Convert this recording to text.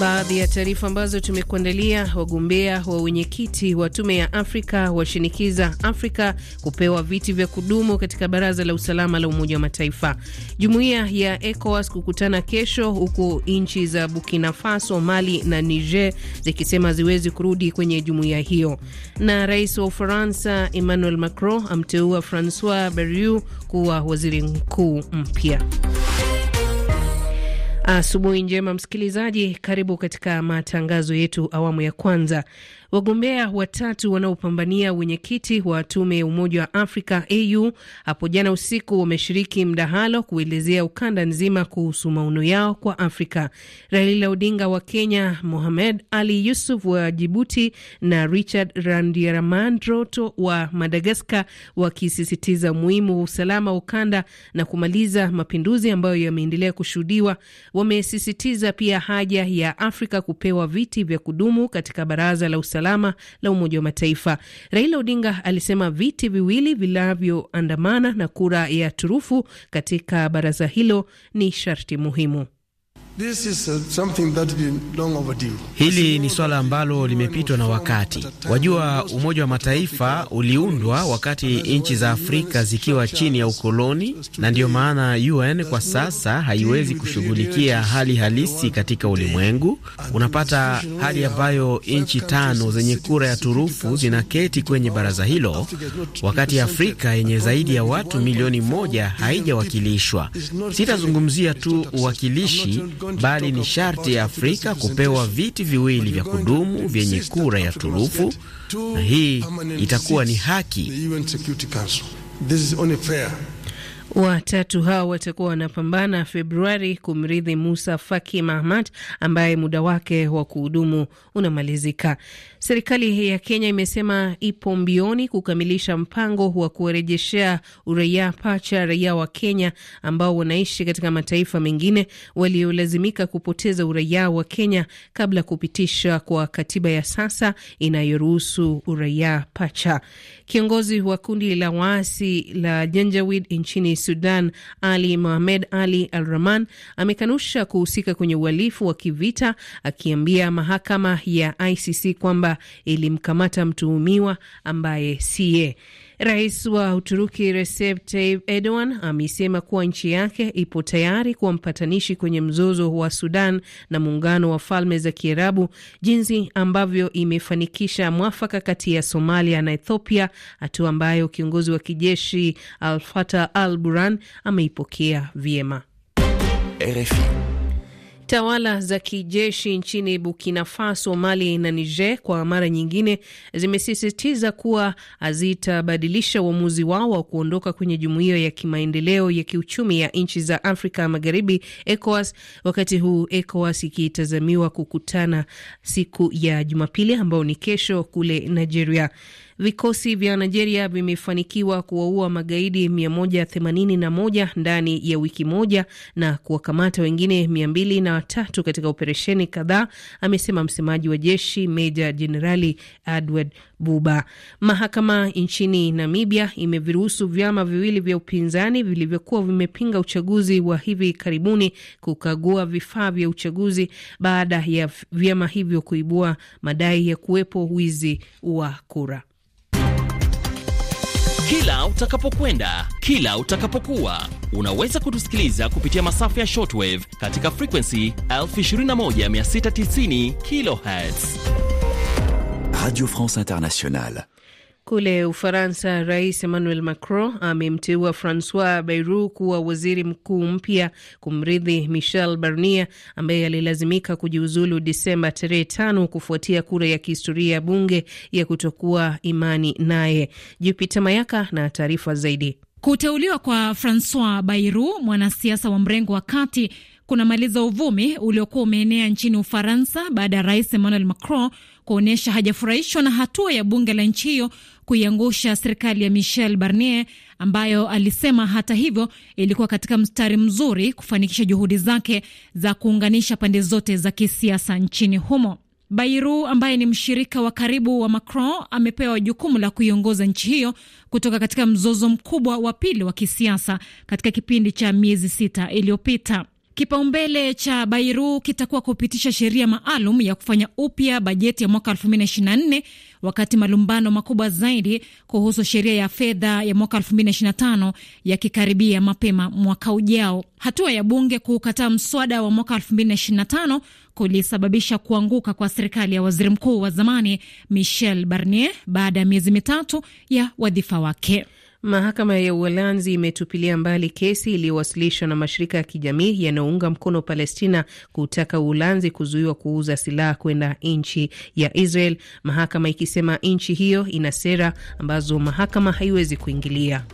Baadhi ya taarifa ambazo tumekuandalia: wagombea wa wenyekiti wa tume ya Afrika washinikiza Afrika kupewa viti vya kudumu katika baraza la usalama la Umoja wa Mataifa. Jumuiya ya ECOWAS kukutana kesho, huku nchi za Burkina Faso, Mali na Niger zikisema ziwezi kurudi kwenye jumuiya hiyo. Na rais wa Ufaransa Emmanuel Macron amteua Francois Bayrou kuwa waziri mkuu mpya. Asubuhi njema msikilizaji, karibu katika matangazo yetu awamu ya kwanza. Wagombea watatu wanaopambania wenyekiti wa tume ya Umoja wa Afrika AU hapo jana usiku wameshiriki mdahalo kuelezea ukanda nzima kuhusu maono yao kwa Afrika. Raila Odinga wa Kenya, Mohamed Ali Yusuf wa Jibuti na Richard Randriamandrato wa Madagaskar, wakisisitiza umuhimu wa usalama wa ukanda na kumaliza mapinduzi ambayo yameendelea kushuhudiwa Wamesisitiza pia haja ya Afrika kupewa viti vya kudumu katika Baraza la Usalama la Umoja wa Mataifa. Raila Odinga alisema viti viwili vinavyoandamana na kura ya turufu katika baraza hilo ni sharti muhimu. This is uh, something that is long overdue. Hili ni swala ambalo limepitwa na wakati. Wajua, Umoja wa Mataifa uliundwa wakati nchi za Afrika zikiwa chini ya ukoloni, na ndiyo maana UN kwa sasa haiwezi kushughulikia hali halisi katika ulimwengu. Unapata hali ambayo nchi tano zenye kura ya turufu zinaketi kwenye baraza hilo, wakati Afrika yenye zaidi ya watu milioni moja haijawakilishwa. Sitazungumzia tu uwakilishi bali ni sharti ya Afrika kupewa viti viwili vya kudumu vyenye kura ya turufu, na hii itakuwa ni haki. Watatu hao watakuwa wanapambana Februari kumrithi Musa Faki Mahamat ambaye muda wake wa kuhudumu unamalizika. Serikali ya Kenya imesema ipo mbioni kukamilisha mpango wa kuwarejeshea uraia pacha raia wa Kenya ambao wanaishi katika mataifa mengine waliolazimika kupoteza uraia wa Kenya kabla ya kupitisha kwa katiba ya sasa inayoruhusu uraia pacha. Kiongozi wa kundi la waasi la Janjaweed nchini Sudan Ali Mohamed Ali Al-Rahman amekanusha kuhusika kwenye uhalifu wa kivita, akiambia mahakama ya ICC kwamba ilimkamata mtuhumiwa ambaye siye. Rais wa Uturuki Recep Tayyip Erdogan amesema kuwa nchi yake ipo tayari kuwa mpatanishi kwenye mzozo wa Sudan na muungano wa falme za Kiarabu, jinsi ambavyo imefanikisha mwafaka kati ya Somalia na Ethiopia, hatua ambayo kiongozi wa kijeshi Al Fatah Al buran ameipokea vyema. RFI. Tawala za kijeshi nchini Burkina Faso, Mali na Niger kwa mara nyingine zimesisitiza kuwa hazitabadilisha uamuzi wao wa kuondoka kwenye jumuiya ya kimaendeleo ya kiuchumi ya nchi za Afrika Magharibi, ECOWAS, wakati huu ECOWAS ikitazamiwa kukutana siku ya Jumapili ambayo ni kesho kule Nigeria. Vikosi vya Nigeria vimefanikiwa kuwaua magaidi 181 ndani ya wiki moja na kuwakamata wengine 203 katika operesheni kadhaa, amesema msemaji wa jeshi Meja Jenerali Edward Buba. Mahakama nchini Namibia imeviruhusu vyama viwili vya upinzani vilivyokuwa vimepinga uchaguzi wa hivi karibuni kukagua vifaa vya uchaguzi baada ya vyama hivyo kuibua madai ya kuwepo wizi wa kura. Kila utakapokwenda, kila utakapokuwa, unaweza kutusikiliza kupitia masafa ya shortwave katika frequency 21690 kh Radio France Internationale. Kule Ufaransa, Rais Emmanuel Macron amemteua Francois Bayrou kuwa waziri mkuu mpya kumrithi Michel Barnier ambaye alilazimika kujiuzulu Disemba tarehe tano kufuatia kura ya kihistoria ya bunge ya kutokuwa imani naye. Jupita Mayaka na taarifa zaidi. Kuteuliwa kwa Francois Bayrou, mwanasiasa wa mrengo wa kati kunamaliza uvumi uliokuwa umeenea nchini Ufaransa baada ya rais Emmanuel Macron kuonyesha hajafurahishwa na hatua ya bunge la nchi hiyo kuiangusha serikali ya Michel Barnier ambayo alisema hata hivyo ilikuwa katika mstari mzuri kufanikisha juhudi zake za kuunganisha pande zote za kisiasa nchini humo. Bayrou ambaye ni mshirika wa karibu wa Macron amepewa jukumu la kuiongoza nchi hiyo kutoka katika mzozo mkubwa wa pili wa kisiasa katika kipindi cha miezi sita iliyopita. Kipaumbele cha Bairu kitakuwa kupitisha sheria maalum ya kufanya upya bajeti ya mwaka 2024 wakati malumbano makubwa zaidi kuhusu sheria ya fedha ya mwaka 2025 yakikaribia mapema mwaka ujao. Hatua ya bunge kukataa mswada wa mwaka 2025 kulisababisha kuanguka kwa serikali ya waziri mkuu wa zamani Michel Barnier baada ya miezi mitatu ya wadhifa wake. Mahakama ya Uholanzi imetupilia mbali kesi iliyowasilishwa na mashirika ya kijamii yanayounga mkono Palestina kutaka Uholanzi kuzuiwa kuuza silaha kwenda nchi ya Israel, mahakama ikisema nchi hiyo ina sera ambazo mahakama haiwezi kuingilia.